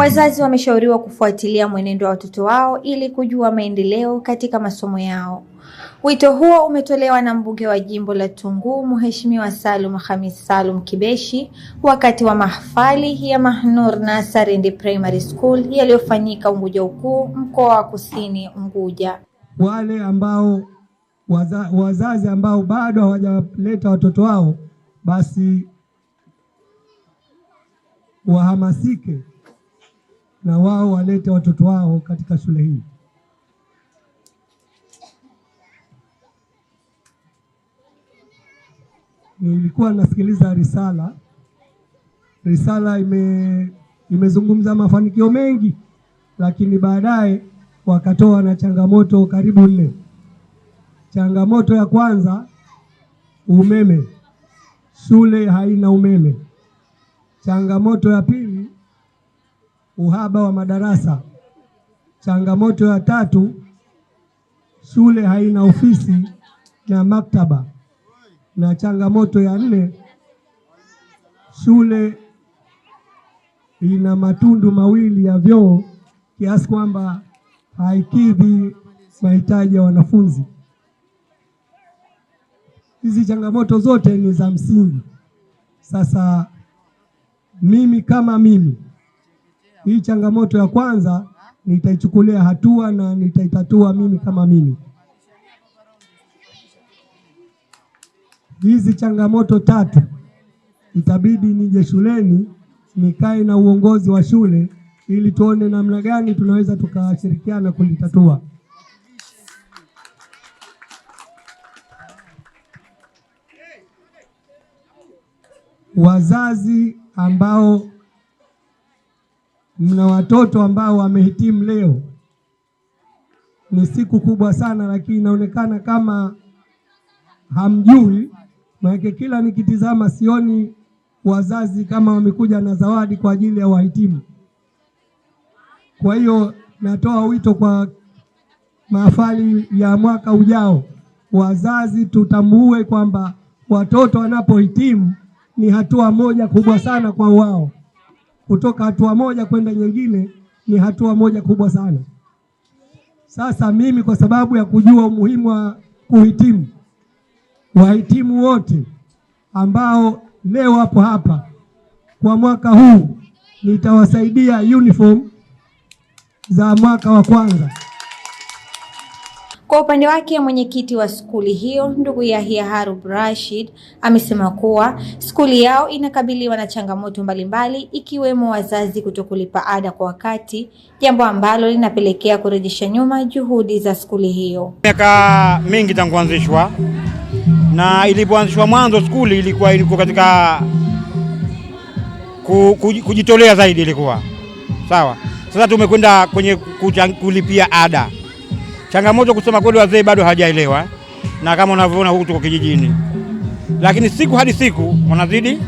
Wazazi wameshauriwa kufuatilia mwenendo wa watoto wao ili kujua maendeleo katika masomo yao. Wito huo umetolewa na mbunge wa jimbo la Tunguu, Mheshimiwa Salum hamis Salum Kibeshi wakati wa mahafali ya Mahnur Nasarindi Primary School yaliyofanyika Unguja Ukuu, mkoa wa Kusini Unguja. Wale ambao waza, wazazi ambao bado hawajaleta watoto wao basi wahamasike na wao walete watoto wao katika shule hii. Nilikuwa nasikiliza risala, risala ime imezungumza mafanikio mengi, lakini baadaye wakatoa na changamoto karibu nne. Changamoto ya kwanza umeme, shule haina umeme. Changamoto ya pili uhaba wa madarasa. Changamoto ya tatu, shule haina ofisi na maktaba, na changamoto ya nne, shule ina matundu mawili ya vyoo kiasi kwamba haikidhi mahitaji ya wanafunzi. Hizi changamoto zote ni za msingi. Sasa mimi kama mimi hii changamoto ya kwanza nitaichukulia hatua na nitaitatua mimi kama mimi. Hizi changamoto tatu itabidi nije shuleni nikae na uongozi wa shule ili tuone namna gani tunaweza tukashirikiana kulitatua. Wazazi ambao mna watoto ambao wamehitimu leo. Ni siku kubwa sana, lakini inaonekana kama hamjui, maana kila nikitizama sioni wazazi kama wamekuja na zawadi kwa ajili ya wahitimu. Kwa hiyo natoa wito kwa mahafali ya mwaka ujao, wazazi tutambue kwamba watoto wanapohitimu ni hatua moja kubwa sana kwa wao kutoka hatua moja kwenda nyingine ni hatua moja kubwa sana. Sasa mimi kwa sababu ya kujua umuhimu wa kuhitimu, wahitimu wote ambao leo wapo hapa kwa mwaka huu nitawasaidia uniform za mwaka wa kwanza. Kwa upande wake mwenyekiti wa skuli hiyo ndugu Yahya Harub Rashid amesema kuwa skuli yao inakabiliwa na changamoto mbalimbali ikiwemo wazazi kutokulipa ada kwa wakati, jambo ambalo linapelekea kurejesha nyuma juhudi za skuli hiyo. Miaka mingi tangu kuanzishwa, na ilipoanzishwa mwanzo skuli ilikuwa ilikuwa katika kujitolea zaidi, ilikuwa sawa. Sasa tumekwenda kwenye kulipia ada Changamoto kusema kweli, wazee bado hawajaelewa, na kama unavyoona huku tuko kijijini, lakini siku hadi siku wanazidi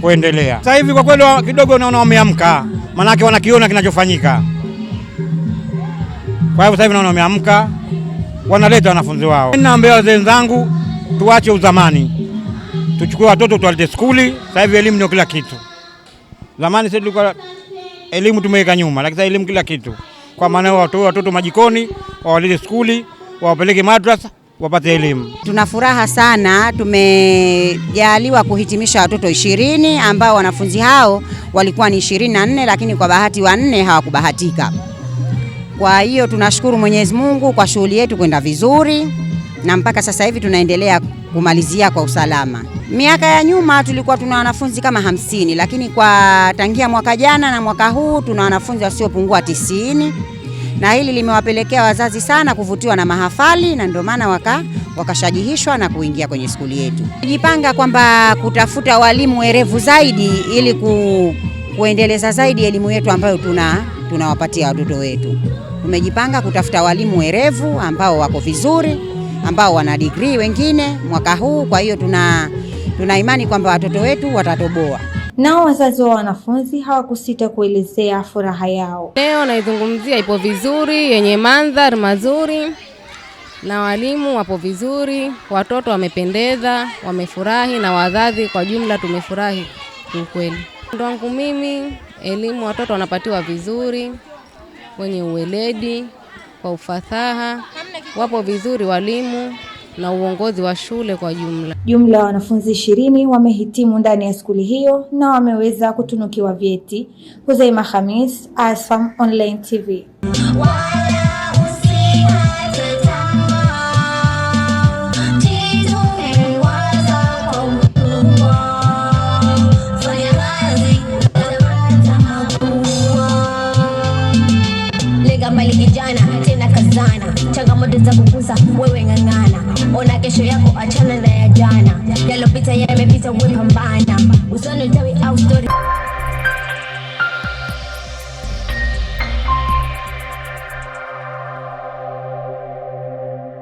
kuendelea. Sasa hivi kwa kweli kidogo naona wameamka, maanake wanakiona kinachofanyika. Kwa hivyo sasa hivi naona wameamka, wanaleta wanafunzi wao. Naambia wazee wenzangu, tuache uzamani, tuchukue watoto tuwalete skuli. Sasa hivi elimu ndio kila kitu. Zamani sisi tulikuwa elimu tumeweka nyuma, lakini sasa elimu kila kitu kwa maana watoe watoto majikoni, wawalete skuli, wawapeleke madrasa wapate elimu. Tuna furaha sana, tumejaliwa kuhitimisha watoto ishirini ambao wanafunzi hao walikuwa ni ishirini na nne lakini kwa bahati wanne hawakubahatika. Kwa hiyo tunashukuru Mwenyezi Mungu kwa shughuli yetu kwenda vizuri, na mpaka sasa hivi tunaendelea kumalizia kwa usalama. Miaka ya nyuma tulikuwa tuna wanafunzi kama hamsini, lakini kwa tangia mwaka jana na mwaka huu tuna wanafunzi wasiopungua tisini na hili limewapelekea wazazi sana kuvutiwa na mahafali, na ndio maana waka wakashajihishwa na kuingia kwenye skuli yetu. Tujipanga kwamba kutafuta walimu werevu zaidi ili ku, kuendeleza zaidi elimu yetu ambayo tuna tunawapatia watoto wetu. Tumejipanga kutafuta walimu werevu ambao wako vizuri, ambao wana digrii wengine mwaka huu. Kwa hiyo tuna tuna imani kwamba watoto wetu watatoboa. Nao wazazi wa wanafunzi hawakusita kuelezea furaha yao. Leo naizungumzia ipo vizuri, yenye mandhari mazuri na walimu wapo vizuri, watoto wamependeza, wamefurahi na wazazi kwa jumla tumefurahi kiukweli. Ndo wangu mimi, elimu watoto wanapatiwa vizuri, wenye uweledi, kwa ufasaha, wapo vizuri walimu na uongozi wa shule kwa jumla. Jumla ya wanafunzi ishirini wamehitimu ndani ya skuli hiyo na wameweza kutunukiwa vyeti. huzeima Khamis, ASAM Online TV. kijana tena kazana, changamoto za kukuza wewe ng'ang'ana Ona kesho yako, achana na ya jana, yalopita yamepita, we pambana, usoni tawi au story